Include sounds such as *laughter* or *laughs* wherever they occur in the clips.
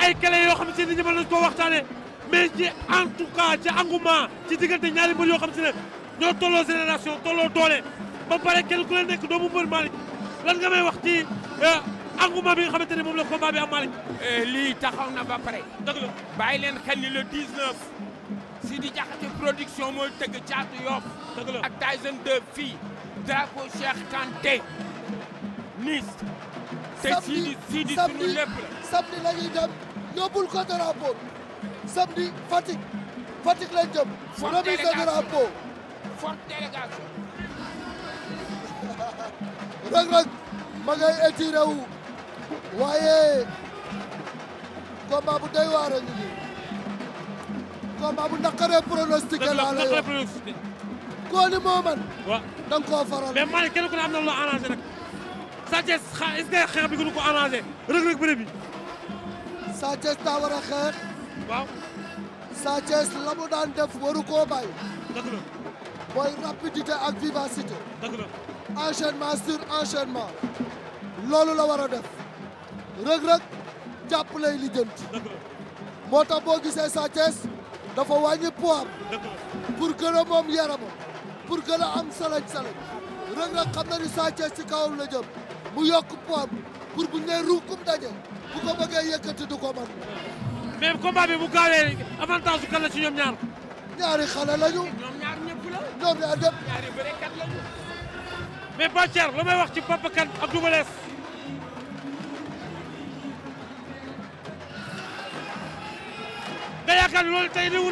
ay clé yoo xam si ne ñëmal nañu koo waxtaane mais ci en tout cas ci engouement ci diggante ñaari mbër yoo xam si ne ñoo tolloo génération tolloo doole ba pare kenn ku la nekk doomu mbër Malick lan nga may wax ci euh, engouement bi nga xamante ne moom la combat bi am Malick. Eh, lii taxaw na ba pare. dëgg la bàyyi leen xel ni le 19 di Diakhaté production mooy tëgg caatu Yoff. dëgg la ak Tyson 2 fii drapeau Cheikh Kanté Nice. samedi samedi samedi la ñuy dem yóbbul ko drapeau samedi Fatick Fatick lañ jëm. remise de drapeau. forte délégation. Reug *laughs* Reug ma ngay waaye combat bu doy waar a ngi nii combat bu naqaree pronostiqué laa lay wax. koo ni faral. Sa Thiès xa est xeex bi gënu ko arrangé Reug Reug bëre bi. Sa Thiès daa war a xeex. waaw. Sa Thiès la mu daan def waru koo bàyyi. dëgg la. mooy rapidité ak vivacité. dëgg la. enchaînement loolu la war a def. Reug Reug jàpp lay lijjanti. moo tax boo gisee Sa dafa wàññi poids pour gën moom yaramam pour gën am salañ salañ Reug Reug xam na ni Sa ci kawam la jëm. mu yokk poids pour bu ñu nee ruukum daje bu bëggee yëkkati du ko mën. mais combat bi bu gaawee avantage su kan la ci ñoom ñaar. ñaari xale ñoom ñaar ñëpp la. ñoom ñaar ñëpp. ñaari bërekat lañu. mais Bacar lu may wax ci Papa Kane ak Double Less. nga yaakaar loolu tey li wu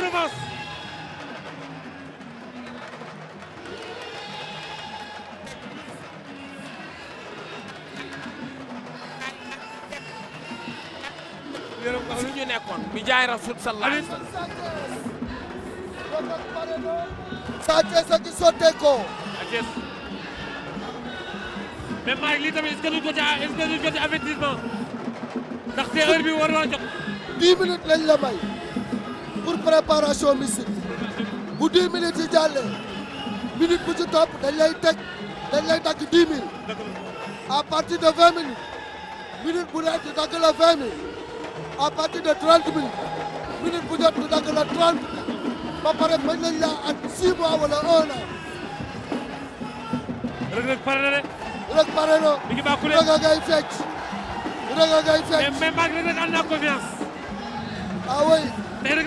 fi nekkoon bi jaay rasul sallallahu alayhi wasallam Sa Thiès a ngi sotteekoo Sa Thiès mais Malick lii tamit est-ce que duñ ko ci est-ce que duñ ko ci avertissement ndax te heure bi war naa jot dix minutes lañ la may pour préparation mystique bu dix minutes yi jàllee minute bu ci topp dañ lay teg dañ lay dagg dix mille à partir de à partir de 30 minutes minute bu jot ñu dagg la 30 pare bañ nañ la at 6 mois wala 1 pare na pare na. mi ngi bàqule Reug ngay fecc. Reug ngay fecc. na confiance. ah ay génn.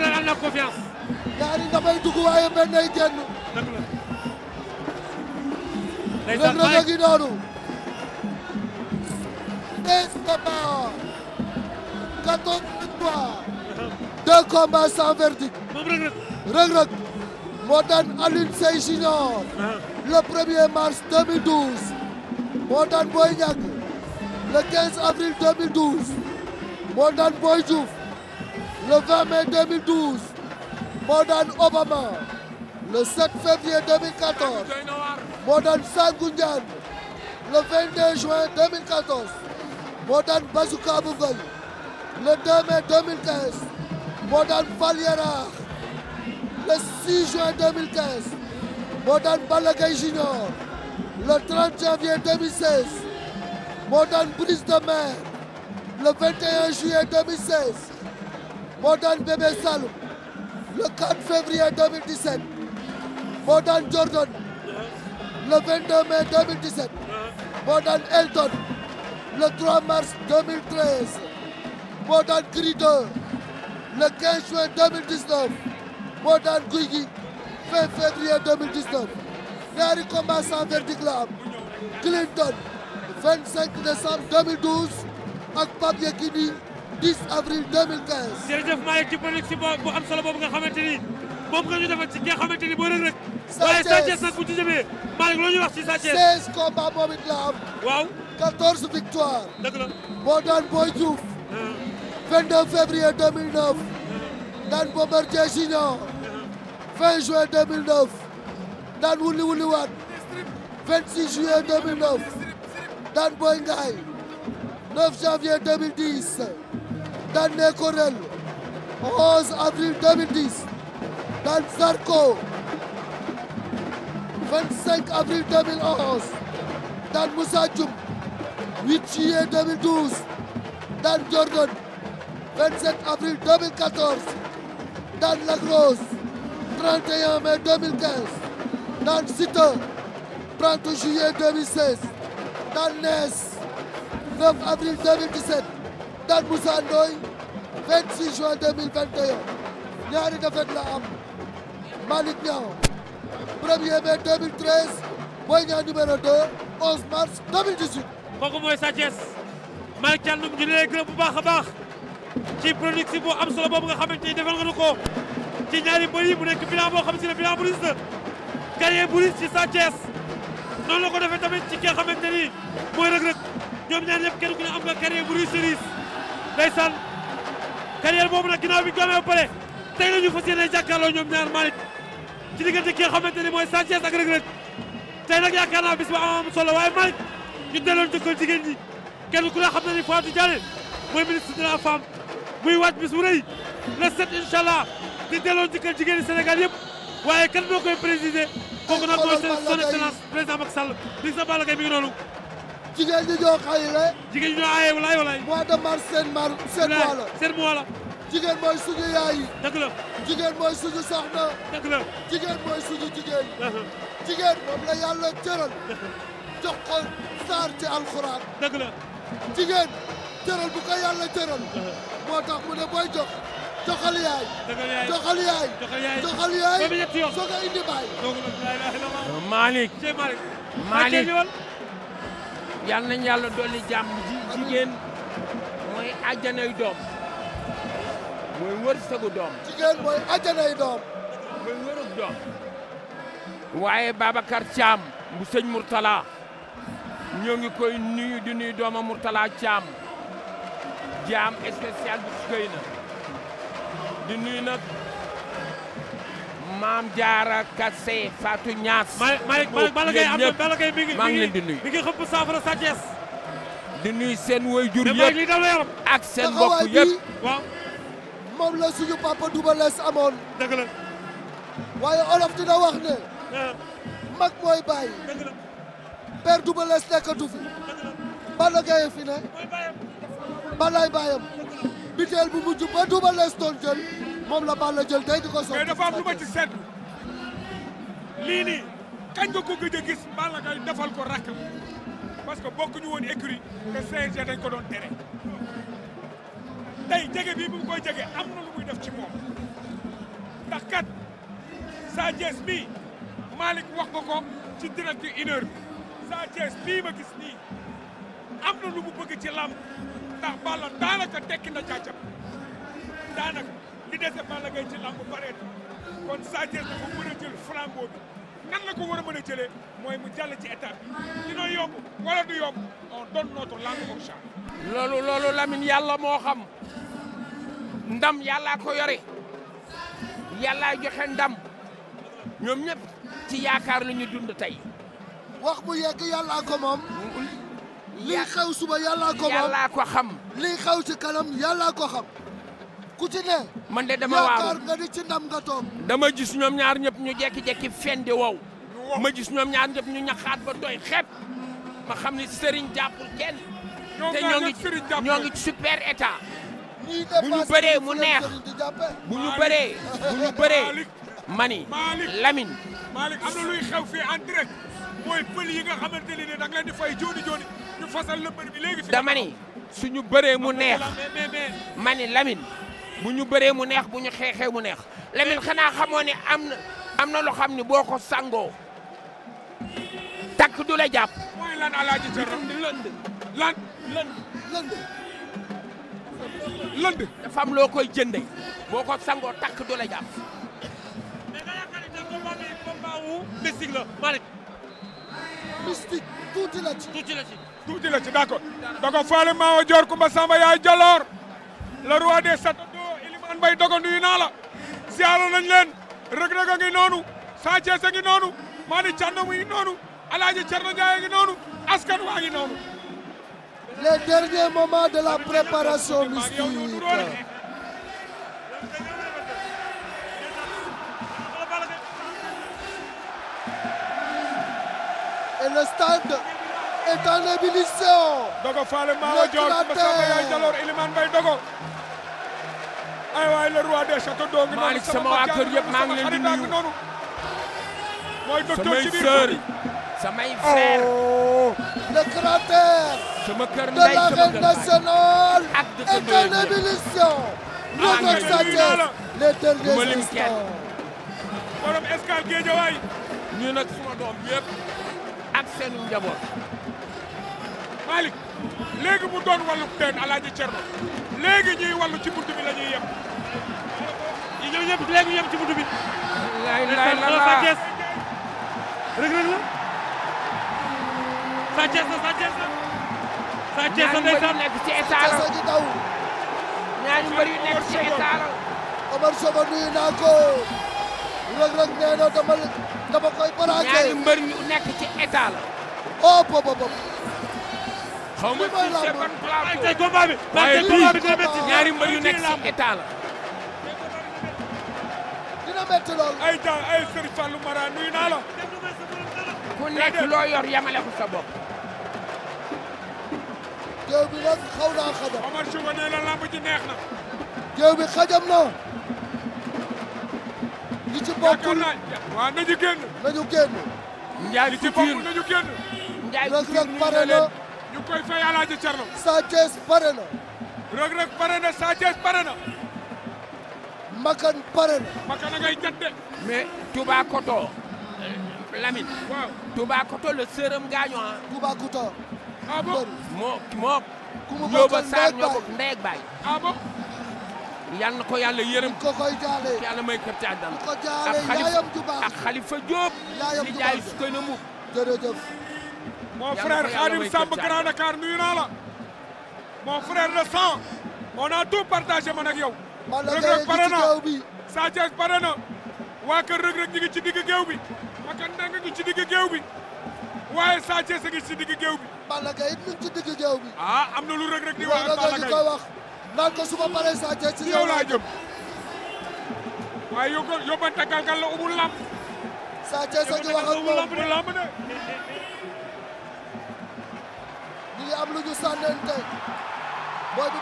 dëgg a ngi 14 victoires. deux combats sans verdict. Reug Reug moo daan Alioune premier mars 2012. moo daan avril 2012. moo daan Boy Diouf Obama le 7 février 2014. moo daan Sangu Ndiane le 22 juin le 2 mai 2015 moo daan Fall Yaraax le 6 juin 2015 moo daan Balla Gaye Junior le janvier 2016 moo de Mer le juillet 2016 Bébé Saloum le février 2017 moo le mai 2017 Elton le mars moo daan Gris 2 le 15 juin 2019 moo daan Gouye Gui fin février 2019 ñaari combat la am Clinton 25 décembre 2012 ak Pape Yekini 10 avril 2015. jërëjëf Malick ci production bu am solo boobu nga xamante ni moom a ñu defal ci ki nga xamante ni boo rëg rek. waaye Sathiès nag bu ci waaw 14 victoires. moo daan Boy Diouf. Ah. 22 février 2009 daan Bombardier Junior 20 juin 2009 daan Wuli Wuli Waat 26 juillet 2009 daan Boy Ngaay 9 janvier 2010 daan Nekorel 11 avril 2010 daan Zarko 25 avril 2011 daan Moussa Dioum 8 juillet 2012 daan Jordan 27 avril 2014 daan Lac Rose 31 mai 2015 daan Siteu Nees 9 avril 2017 daan juin 2021 ñaari défaite la am premier mai 2013 Boy Niang numéro mars 2018 mooy Sa Thiès Malick Thiandoum ñu ngi bu baax baax ci production bu am solo boobu nga xamante ni defal nga ko ci ñaari mbër yi mu nekk bilan boo xam si ne bilan bu riis la gagné bu riis ci Sa Thiès noonu la ko defee tamit ci ki nga xamante ni mooy Reug Reug ñoom ñaar ñëpp kenn ku ne am nga carrière bu riis riis ndeysaan carrière boobu nag ginnaaw bi ñu ko amee ba pare tey la ñu fas yéene jàkkaarloo ñoom ñaar Malick ci diggante ki nga xamante ni mooy Sa Thiès ak Reug Reug tey nag yaakaar naa bis ba am solo waaye Malick ñu delloon jëkkal jigéen ñi kenn ku ne muy waaj bi bu rëy le sept di delloo njëkkal jigéen ñi Sénégal yëpp waaye kan moo koy présider kooku nag mooy son excellence président Macky Sall di sa Balla Gaye mi ngi noonu jigéen ñi ñoo xayre jigéen ñi ñoo aaye walaay walaay mois de mars seen mar seen mois jigéen mooy suñu yaay yi la jigéen mooy suñu soxna dëgg la jigéen mooy suñu jigéen jigéen moom la yàlla cëral jox ko saar alxuraan dëgg la jigéen tëral bu ko yàlla tëral moo tax mu ne booy jox joxal yaay. joxal yaay joxal yaay soo ko indi baay. Malick Malick yal nañu yàlla dolli jàmm ji jigéen mooy àjjanay doom mooy wërsëgu doom. jigéen mooy àjjanay doom. mooy wërug doom. waaye Babacar Thiam bu sëñ Mourtala ñoo nuyu di nuyu doomam Mourtala Thiam. jaam spécial bi sukay na di nuyu nag maam jaara kase Fatou Niass. Malick Malick Balla Gaye am na Balla maa ngi leen di nuyu mi ngi xëpp saafara Sa di nuyu seen waajur yëpp ak seen mbokk yëpp moom la suñu papa Double amoon waaye olof dina wax ne ah. mag mooy bàyyi père Double Less nekkatu fi Balla fi ne Balla baayam biteel bu mujj ba Double Less doon jël moom la Balla jël tey di ko soog. mais dafa lu ma ci seetlu lii nii kañ ko gëj a gis Balla Gaye defal ko rakk parce que bokk ñu woon écurie te CNG dañ ko doon tere tey jege bii bu koy jege am na lu muy def ci moom ndax kat Sa bii Malick wax nga ko ci direct une heure Sa Thiès bii ma gis nii am na lu mu bëgg ci làmb ndax Balla daanaka tekki na caacam daanaka li dese Balla Gaye ci làmb kon Sa Thiès dafa mën a jël flambeau bi nan la ko war a mën mooy mu jàll ci étape bi dina yomb wala du yomb on donne notre langue au chat. loolu loolu Lamine yàlla moo xam ndam yàllaa ko yore yàllaa joxe ndam ñoom ñëpp ci yaakaar la ñu dund tey. wax bu yegg yàllaa ko moom. li xew suba yàllaa ko moom xam. li xew ci kanam yàllaa ko xam. ku ci ne. man de dama waaru yaakaar nga ni nga toog. dama gis ñoom ñaar ñëpp ñu jekki-jekki fendi wow. ma gis ñoom ñaar ñëpp ñu ñaxaat ba doy xepp. ma xam ni Serigne jàppul kenn. te ñoo ngi ñoo ngi super état. bu ñu bëree mu neex. bu ñu bëree bu ñu bëree. mani Lamine. Malick am na luy xew fii en direct mooy pël yi nga xamante ne da nga leen di fay jooni ñu fasal la bi léegi fi dama ni suñu bëree mu neex ma ni bu ñu bëree mu neex bu ñu xeexee mu neex Lamine xanaa xamoo ne am na am na loo xam ne boo ko sangoo takk du la lan alaaji lënd lënd lënd lënd dafa loo koy jënde boo ko sangoo takk du la jàpp. mais tuuti la tuuti la tuuti la ci d'accord dako faale maawo joor kumba samba yaay jaloor le roi des satado iliman bay dogo nuyu naa la siyaara nañ leen rëg ngi noonu Sanchez ngi noonu maa di Cando ngi noonu Alaaji Cerno Njaay a ngi noonu askan waa ngi noonu les derniers moments de la préparation mystique étendé bi Liceo. Dogo Fale Mawa Dior Masamba Yaay Jaloor Elimane Mbaye Dogo. ay waay le roi des châteaux d'eau ngi noonu sama waa kër yëpp maa ngi leen di mooy docteur ci biir kër yi samay oh, le cratère. sama kër ndey sama kër de l'arène nationale. ak étendé bi Liceo. maa ngi leen di nuyu les derniers instants. doom yëpp. ak seen njaboot. Malick léegi mu doon wàllu teen alaaji Cerno léegi ñuy wàllu ci bunt bi la ñuy yem. léegi ñu yem ci bunt lay lay la la Reug Reug la. Sa Thiès la Sa Thiès la. Sa nekk ci état la ci na dama dama koy braqué. ñaari mbër nekk ci état la. Oh, xaw ma ci c' est ñaari mbër yu nekk ci dina métti ay temps ay Serigne Fallou Mara nuyu naa la. ku nekk loo yamale ko sa bopp. bi nag xaw naa xajam. Omar Chouba nee na lamb ji neex na. géew bi xajam na. li ci bokkul waaw nañu génn. nañu génn. njaay ci biir nañu génn. njaay ci biir pare na. ñu koy fay Alaaji Cerno Sa Thiès pare na Reug Reug pare na Sa Thiès pare na Makan pare na Makan a ngay jat de mais Toubacouta euh, Lamine waaw Toubacouta le sërëm gaañu ah Toubacouta ah bon moo moo ñoo ba Sarr ñoo bokk ndeeg baay ah yal na ko yàlla yërëm ko koy jaale yàlla may ko ko jaale yaayam ju ak xalifa Jóob yaayam ju baax di jaay mon frère Khadim Samb Grand Dakar nuyu naa la mon frère le sang on a tout partagé man ak yow. Reug Reug pare na Sa Thiès pare na waa kër Reug Reug ñu ci digg géew bi Maka Ndeng ngi ci digg géew bi waaye Sa Thiès ngi ci digg géew bi. Balla Gaye it mu ngi géew bi. ah am na lu Reug Reug di wax ak koy wax naan ko su ma paree Sa Thiès ci yow laa jëm. waaye yóbbu yóbbu tàggal la ubul lamb. Sa Thiès a ngi wax ak moom yi am lu ñu sànnante booy bi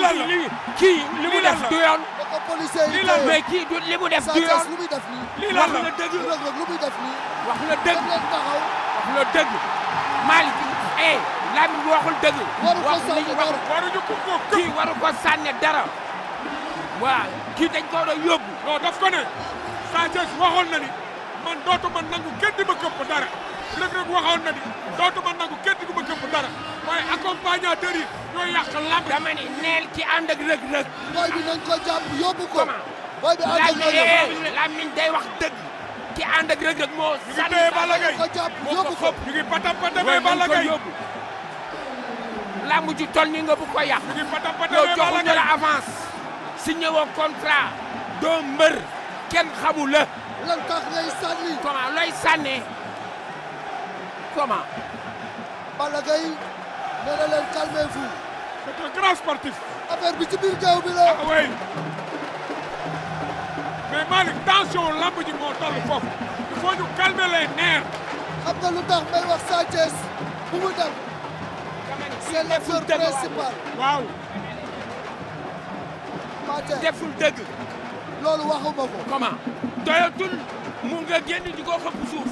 la kii li mu def du yoon. da ko policier li mu def du yoon. lu muy def nii. lii lan la wax na dëgg lu muy def nii. wax dëgg da ngeen taxaw. wax na dëgg Malick eh Lamine waxul dëgg. waru ko sànne dara kii waru ko sànne dara. waaw kii dañ ko yóbbu. non daf ko ne Sanchez waxoon na ni man dootuma nangu kenn di ma këpp dara. Reug Reug waxoon na ni dootuma nangu kenn ku ma këpp dara waaye accompagnateur yi ñooy yàq yóbbu ko. booy bi ànd ak Reug Reug eh, Lamine day wax dëgg. ki ànd ak moo. ñu yóbbu ko ñu ngi patam patamee Balla Gaye lamb ju bu ko yàq. ñu ngi patam patamee Balla Gaye yow joxuñu mbër kenn xamu looy sànnee. Comment Balla Gaye nee na leen calmez-vous. c'est un grand sportif. affaire bi ci biir géew bi la. ah oui mais Malick tension lamb ji moo toll foofu il faut ñu calmer les nerfs. xam nga lu tax may wax Sa deful dëgg. loolu waxuma ko. comment doyatul mu nga génn di xëpp suuf.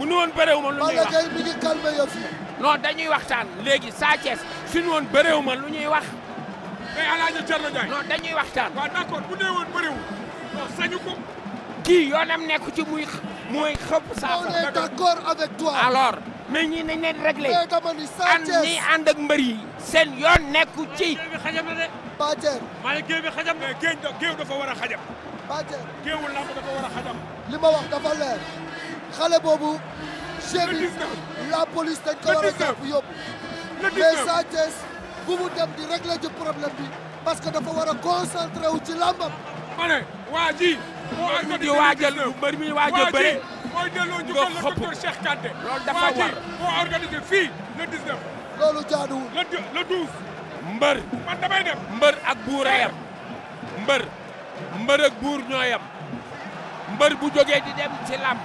bu nu woon bëreewu ma lu ñuy wax Balla dañuy waxtaan léegi Sa Thiès suñu woon ma lu ñuy wax. mais El dañuy waxtaan. waaw d'accord bu dee woon bëreewu. non kii yoonam nekku ci muy muy xëpp saafara. on est d'accord avec toi. alors mais ñi nañ leen réglé. mais dama ni Sa Thiès ànd ak mbër yi. seen yoon nekku ci. Ba Dieng. maa ngi xajam mais géew a xajam. Ba Dieng géewul làmb dafa war a xajam. li ma wax dafa leer. xale boobu chérif la police dañ ko a jàpp yóbbu mais Sa bu mu dem di régler ji problème bi parce que dafa war a ci làmbam ma ne waa ji di waajal mbër mi waajal bëre loolu dafa mbër mbër ak buur mbër mbër ak buur ñoo mbër bu jógee di dem ci làmb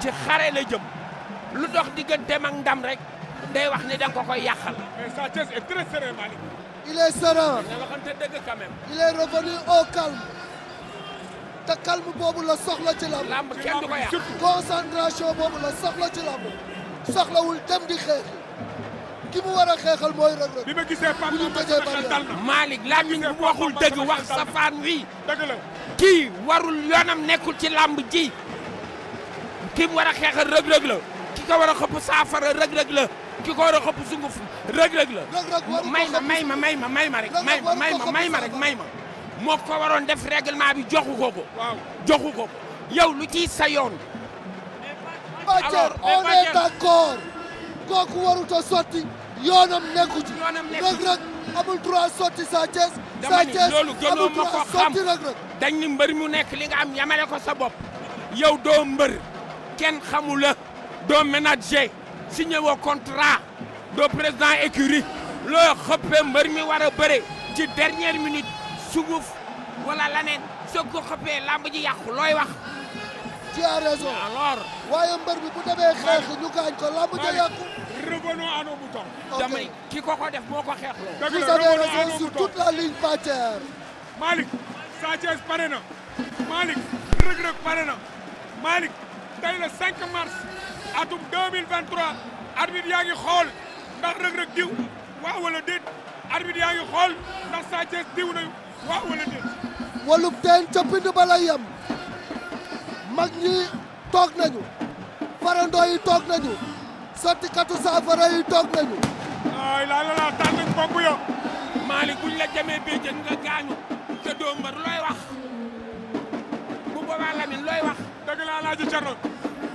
ci xare la jëm lu dox digganteem ak ndam rek day wax ni da nga ko koy yàqal. mais Sa Thiès est très serein Malick. il est boobu la soxla ci lamb. lamb kenn du ko yàq. concentration boobu la soxla ci lamb. soxlawul dem di xeex ki mu war a xeexal mooy Reug Reug. bi ma gisee Pape Mamadou Dieng dal na Malick làmmiñ bu waxul dëgg wax safaan wi. kii warul yoonam nekkul ci lamb ji. ki war a xeexal rëg-rëg ki ko war a xëpp saafara rëg-rëg la ki ko war a xëpp sunguf rëg-rëg la may ma may ma ma may ma ma may ma may ma rek may moo ko waroon def règlement bi joxu ko ko joxu ko ko yow lu ciy sa yoon alors on est d'accord kooku sotti yoonam nekku ci rëg-rëg amul sotti Sa Thiès Sa Thiès loolu gënoo ma ko xam dañ ni mbër mu nekk li nga am yamale ko sa bopp yow doo mbër kenn xamu la doo ménager signé woo contrat doo président écurie loo xëppee mbër mi war bëre ci dernière minute suguf wala laneen soo ko xëppee làmb ji yàqu looy wax. tu as raison alors. waaye mbër bi bu demee xeex ñu gaañ ko làmb ji yàqu. revenons à nos ki ko ko def moo ko xeex loo. dëgg la revenons à nos moutons la ligne pâtière. Malick Sa pare na Malick Reug pare na Malick. tey le 5 mars atum 2023 arbitre yaa ngi xool ndax rëg-rëg diw waaw wala déet arbitre yaa ngi xool ndax Sa diw na waaw wala déet walub teen ca pind yem mag ñi toog nañu farandoo toog nañu sottikatu saafara yi toog nañu ay laa la laa tànn nañ bokk yo Malick buñ la jamee nga gaañu sa doom ba looy wax Papa Lamine looy wax. dëgg laa laaj Thierno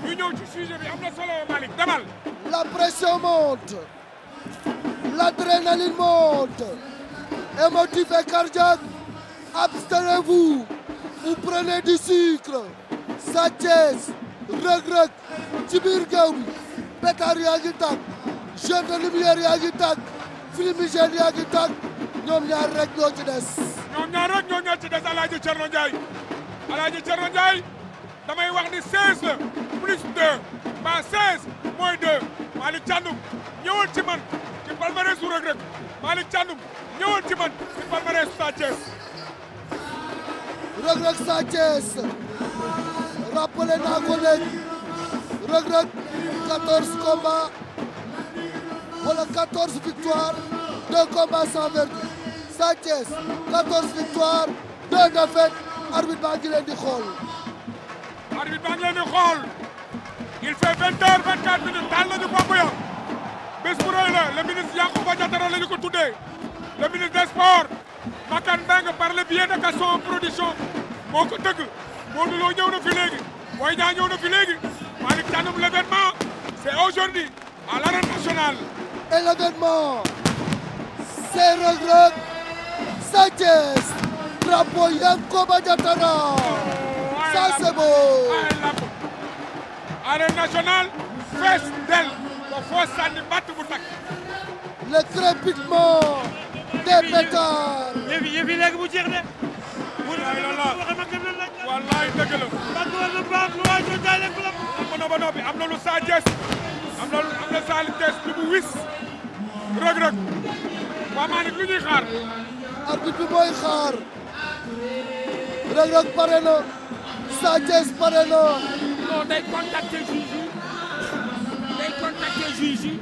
ñu ñëw ci sujet bi am na solo Malick demal. la pression monte l'adrénaline monte émotif et cardiaque abstenez-vous vous prenez du sucre Sa Thiès Reug-Reug ci biir géew bi pétard yaa ngi tàkk jeu de lumière yaa ngi tàkk fumigène yaa ngi tàkk ñoom ñaar rek ñoo ci des. ñoom ñaar rek ñoo ñoo ci des El Hadj Thierno Ndiaye. Alaaji Cerno Njaay damay wax ni 16 la plus 2 mbaa mooy 2 Malick Thiandoum ñëwal ci man ci palmarès su Reug Reug Malick ci man ci palmarès su Sa Thiès Reug Reug Sa Thiès rappelé naa ko léegi Reug Reug 14 combats wala 14 victoires 2 combats arbitre baa ngi leen di xool. arbitre baa ngi leen di xool il fait vingt heures vingt quatre minutes taal nañu bopp ya bés bu rëy la le ministre Yankhoba Diattara la ñu ko tuddee le ministre des Makan Mbengue par le biais de Gaston production moo ko tëgg Modou Lo ñëw na fi léegi Boy Niang ñëw na fi léegi Malick Thiandoum l'événement c'est aujourd'hui à l'arène nationale et l'événement c'est Reug Reug Sa Thiès drapeau Yankoba Diattara ça c'est beau arène nationale fees del ko foo sànni batt bu takk le crépitement des pétards yëfi yëfi léegi bu jeex de wallaay dëgg la bagol baax lu waay jo jaay leen club am ba noppi am na lu sa jees am na am na wis rëg rëg waa maa nit lu ñuy xaar arbitre bi mooy Reug Reug pare na Sa pare na non day contacter juge yi day contacter yi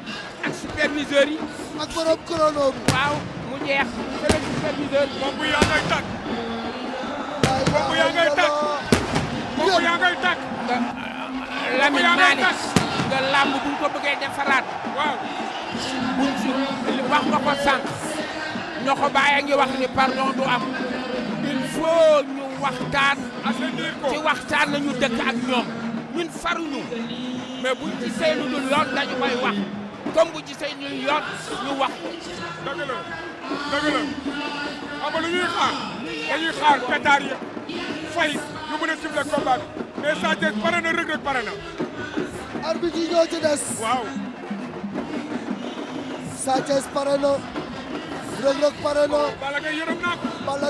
ak superviseur yi ak borom chrono waaw mu jeex beneen superviseur boobu yaa ngay tàkk boobu yaa ngay tàkk boobu yaa ngay tàkk Lamine Malick nga làmb buñ ko bëggee defaraat waaw buñ ci wax nga ko sànq ñoo ko bàyyi ngi wax ni pardon du am faut ñu waxtaan. ci waxtaan la ñu dëkk ak ñoom. ñun faruñu. mais buñ gisee lu dul yoon dañu koy wax. comme bu gisee ñu yoon wax. dëgg la dëgg ñuy xaar dañuy xaar pétard yi fay ñu mën a ciblé combat bi mais Sa Thiès pare na Reug pare na. arbitre yi ñoo ci des. Sa Thiès pare na. Reug Reug pare na.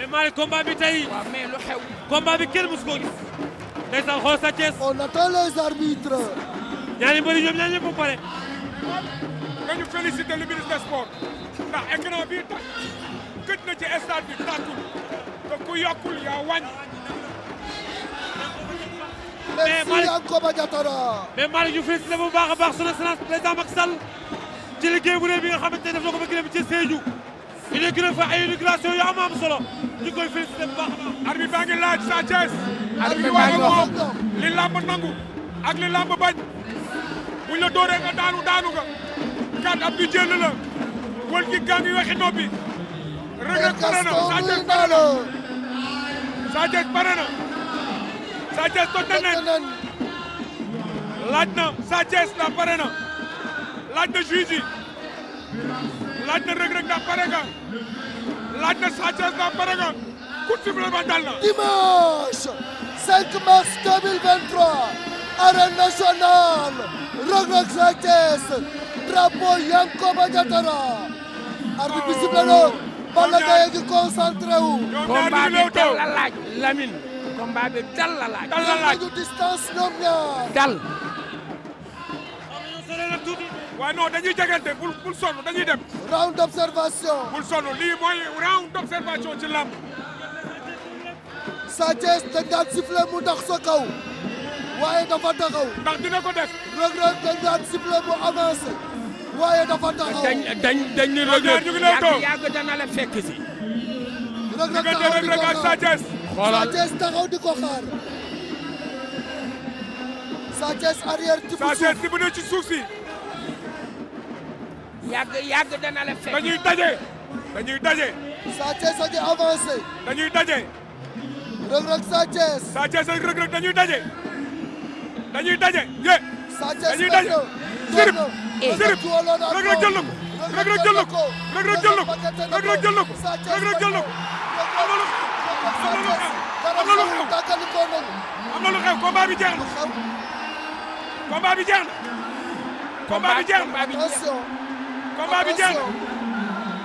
mais Malick combat bi tey. waaw mais lu xew. combat bi kenn mus xool Sa Thiès. on attend les arbitres. ñaari mbëri ñoom ñaar ñëpp ba pare. nga ñu féliciter le ministre des sports ndax écran bi na ci stade bi te ku yokkul yaa wàññi. mais Malick merci Yankoba Diatara. mais baax a baax son excellence président Macky Sall ci liggéey bu rëy bi nga xamante ne def na ko ba kii ci Sédhiou. inauguré fa ay inauguration yu am am solo ñu koy félicité bu baax a baax. ngi laaj Sa Thiès. arbitre baa ngi li làmb nangu ak li làmb bañ bu la dooree nga daanu daanu nga kat ab bi jël la wal gi gaa ngi noppi. Reug Reug pare na Sa Thiès na Sa toj na nen laaj na Sa Thiès la na laaj na juge laaj na Reug Reug ndax pare nga laaj ba dal na dimanche 5 mars 2023 arène nationale Reug Reug Sa Thiès drapeau Yankoba Diatara arbitre bi sifflé na Balla Gaye ngi concentré wu combat bi dal la laaj Lamine combat bi dal la laaj dal la laaj distance ñoom ñaar dal waaw non dañuy jegante bul bul sonn dañuy dem. round d' observation. bul sonn lii mooy round d' observation ci làmb. Sa dañ daan sifflé mu dox waaye dafa taxaw. ndax dina ko def. Reug Reug dañ daan sifflé mu avancé. waaye dafa taxaw dañ dañ dañ ni Reug Reug yàgg yàgg dana la fekk si. di ko xaar Sa Thiès. xoolal Sa taxaw di ko xaar. Sa Thiès ci suuf si. yàgg yàgg dana la fekk. dañuy daje. dañuy daje. Sa Thiès a ngi avancé. dañuy daje. Reug Reug Sa Thiès. Sa Thiès ak Reug Reug dañuy daje. dañuy daje ye. Sa Thiès dañuy daje. sirip sirip Reug Reug jël na ko. Reug Reug jël na ko. Reug Reug jël na ko. Reug Reug jël na ko. Reug Reug jël na ko. am na lu xew am na lu xew combat bi jeex na. combat bi jeex na. combat bi jeex na. combat bi jël.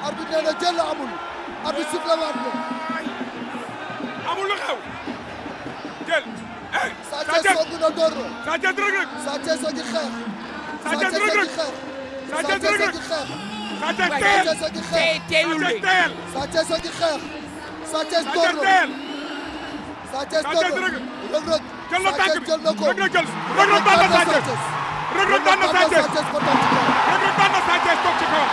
arbitre nee na jël la amul. arbitre sifflé waat na. amul lu xew. jël. saa Thiès soog na door na. saa xeex. saa Thiès xeex. tey teelul xeex. saa Thiès door na. saa Thiès door na. Reug jël na tànk bi Reug Reug jël. Reug Reug daan na saa Thiès. Reug Reug daan na Thiès toog ci kawam.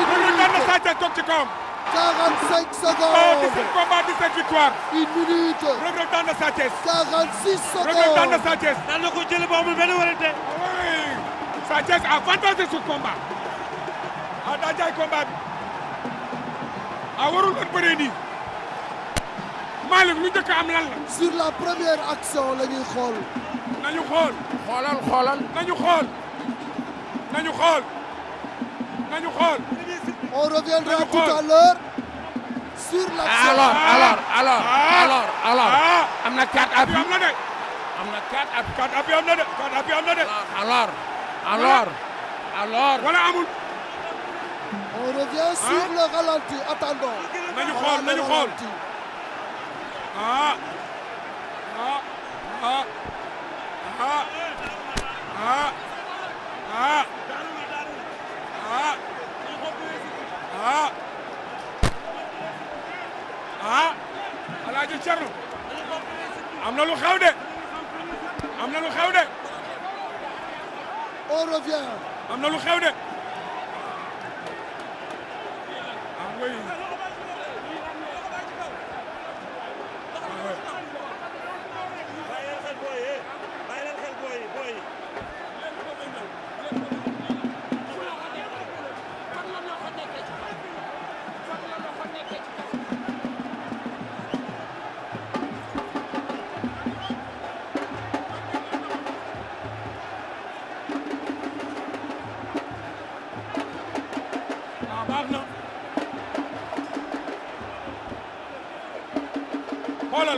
Reug Reug daan na Sa Thiès toog ci kawam. 45 secondes. 17 combats 17 victoires. une minute. Reug Reug daan na Sa Thiès. 46 secondes. Reug Reug daan na Sa Thiès. daan na ko jëlee ba amul benn warante. oui Sa Thiès a fantasé sur combat. ah daa jaay combat bi. ah warul woon bëree nii. Malick lu njëkk am lan la. sur la première action la ñuy xool. nañu xool. xoolal xoolal. nañu xool. nañu xool. On reviendra tout à l'heure sur la. Ah, alors alors ah, alors alors alors ah. am na quatre appuis am na quatre appuis. quatre appuis am na de quatre appuis am na de. alors alors alors. wala amul. on revient sur le ralenti attendons. nañu xool nañu xool ah ah ah ah ah. Ah. ah ah Alaaji Cerno am na lu xew de am na lu xew de on revient am na lu xew de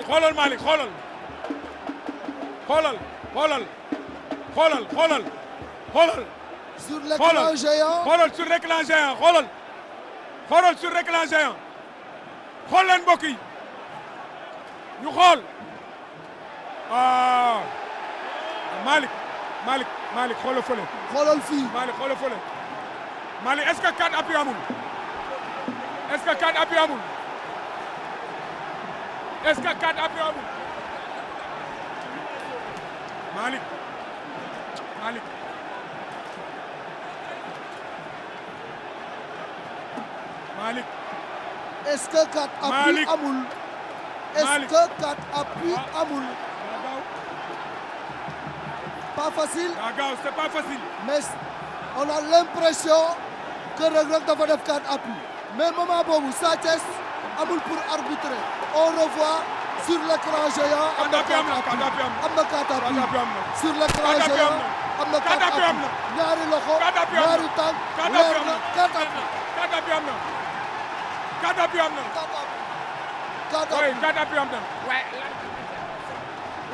xoolal Malick xoolal xoolal xoolal xoolal xoolal xoolal. sur l'écran géant xoolal sur l'écran géant xoolal. xoolal sur l'écran géant xool leen mbokk yi ñu xool waaw ah. Malick Malick Malick xoolal fële. xoolal fii Malick xoolal fële Malick est-ce que quatre appuis que quatre appuis est-ce que quatre appuis amul Malick que quatre appuis ah. amul amul pas facile ah, c'est pas facile mais on a l'impression que Reug dafa def quatre appuis mais moment boobu Sa amul pour arbitrer on revoit sur l'écran géant am na katapi am na katapi sur l'écran géant am na katapi ñaari loxo ñaari tànk weer na katapi katapi am na katapi am na katapi am na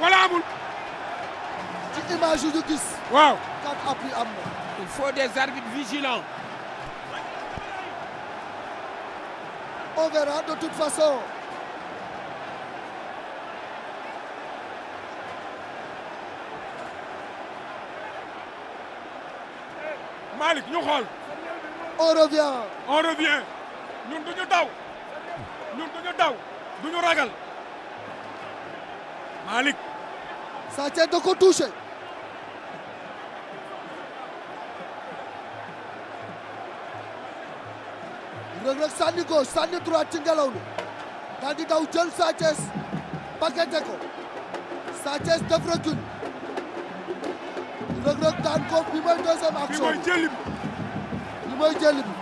wala amul ci image yu gis waaw katapi am na il faut des arbitres on verra de toute façon. Malick ñu xool. on revient. on revient ñun du ñu daw ñun du ñu daw du ñu ragal Malick. ça tient de ko Reug Reug sànni gauche sànni droite ci ngelaw li daal di daw jël Sa Thiès ko Sa Thiès def recul Reug ko bi mooy deuxième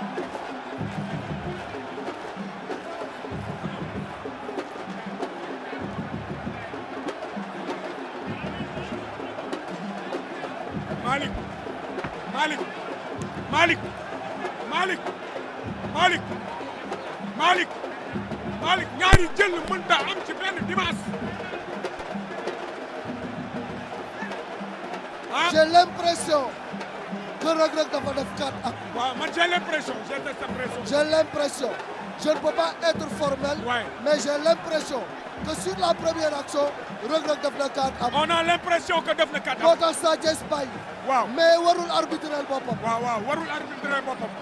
j'ai l'impression que Reug Reug dafa def quatre ans. waaw man j'ai l'impression j'ai cette impression. j'ai l'impression je ne peux pas être formel. Ouais. mais j'ai l'impression que sur la première action Reug Reug def na quatre on a l'impression na quatre ans. moo tax Sa Thiès bàyyi. waaw mais warul arbitrer boppam. waaw waaw warul arbitrer boppam.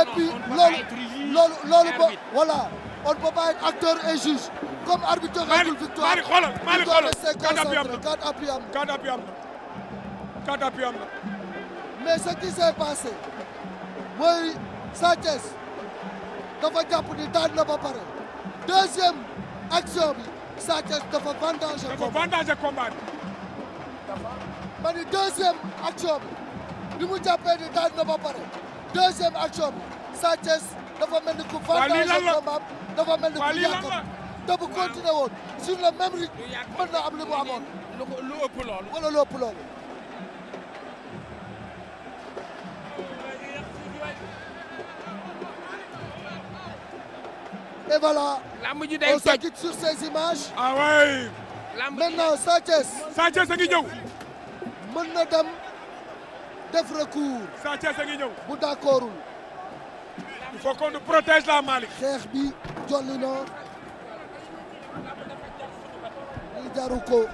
et puis loolu loolu loolu ba voilà on ne peut pas être acteur et juge comme arbitre. maanaam maanaam xoolal maanaam xoolal. quatre appuis am na quatre appuis am na. katapi am na mais ce qui s'est passé mooy Sathiès dafa jàpp ni daan na ba pare deuxième action bi Sathiès dafa vendanger dafa vendanger combat bi ma ni deuxième action bi li mu jàppee ni daan na ba pare deuxième action bi Sathiès dafa mel ni ku vendanger combat dafa mel ni ku yàqam te bu continuer woon sur le même rythme mën na am li mu amoon lu ëpp loolu wala lu ëpp loolu Et voilà. On se quitte sur ces images. Ah ouais. Maintenant Sathiès. Sathiès a mën na dem def recours. Sathiès a ngi bu d'accordul. il faut qu'on nous xeex bi jolli na. li jaru